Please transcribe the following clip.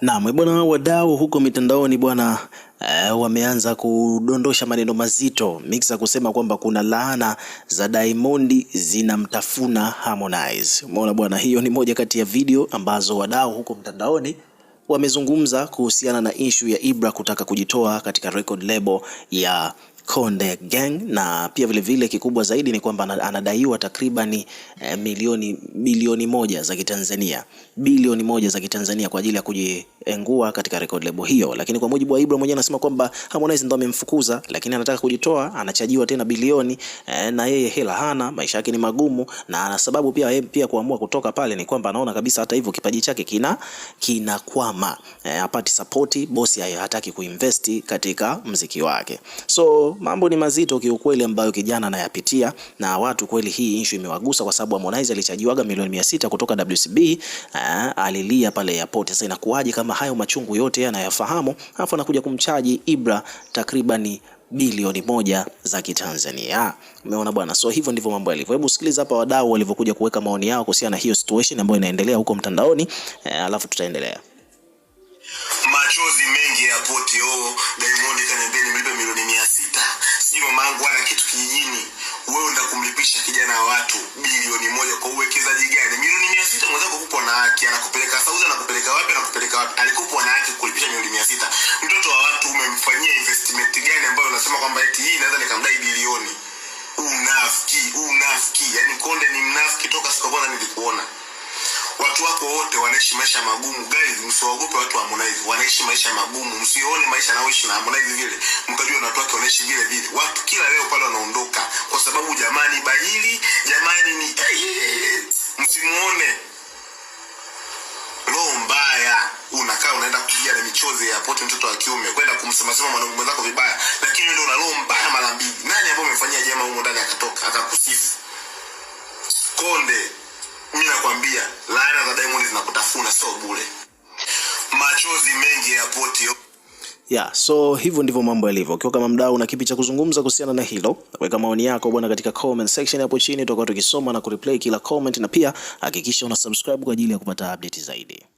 Naam, eh, bwana, wadau huko mitandaoni bwana Uh, wameanza kudondosha maneno mazito Mixx kusema kwamba kuna laana za Diamond zinamtafuna Harmonize. Umeona bwana, hiyo ni moja kati ya video ambazo wadau huko mtandaoni wamezungumza kuhusiana na ishu ya Ibra kutaka kujitoa katika record label ya Konde Gang na pia vilevile vile kikubwa zaidi ni kwamba anadaiwa takriban eh, milioni bilioni moja za Kitanzania bilioni moja za Kitanzania kwa ajili ya kuji kujiengua eh, katika record label hiyo. Lakini kwa mujibu wa Ibra mwenyewe anasema kwamba Harmonize ndo amemfukuza, lakini anataka kujitoa, anachajiwa tena bilioni e, na yeye hela hana, maisha yake ni magumu, na ana sababu pia yeye pia kuamua kutoka pale ni kwamba anaona kabisa hata hivyo kipaji chake kina kinakwama, eh, hapati e, support, bosi hataki kuinvest katika mziki wake. So mambo ni mazito kiukweli, ambayo kijana anayapitia na watu kweli, hii issue imewagusa kwa sababu Harmonize alichajiwaga milioni 600 kutoka WCB e, alilia pale airport. Sasa inakuwaje kama na hayo machungu yote anayafahamu, alafu anakuja kumchaji Ibra takribani bilioni moja za Kitanzania. Umeona bwana, so hivyo ndivyo mambo yalivyo. Hebu sikiliza hapa wadau walivyokuja kuweka maoni yao kuhusiana na hiyo situation ambayo inaendelea huko mtandaoni, eh, alafu tutaendelea. Machozi mengi ya poti, oh. binafsi anakupeleka Saudi, anakupeleka wapi, anakupeleka wapi? Alikupa na yake kulipisha milioni mia sita. Mtoto wa watu umemfanyia investment gani ambayo unasema kwamba eti hii inaweza nikamdai bilioni? Unafiki, unafiki. Yani Konde ni mnafiki toka siku kwanza nilikuona. Watu wako wote wanaishi maisha magumu. Guys, msiwaogope watu wa Harmonize, wanaishi maisha magumu. Msione maisha anaoishi na Harmonize vile mkajua na watu wake wanaishi vile vile. Watu kila leo pale wanaondoka kwa sababu jamani bahili, jamani ni msimuone machozi ya poti mtoto wa kiume kwenda kumsemasema mwanaume mwenzako vibaya, lakini ndio una roho mbaya mara mbili. Nani ambaye umefanyia jema huko ndani akatoka akakusifu konde? Mimi nakwambia laana za Diamond zinakutafuna sio bure, machozi mengi ya poti Yeah, so hivyo ndivyo mambo yalivyo. Ukiwa kama mdau na kipi cha kuzungumza kuhusiana na hilo, weka maoni yako bwana katika comment section hapo chini, tutakuwa tukisoma na kureplay kila comment, na pia hakikisha una subscribe kwa ajili ya kupata update zaidi.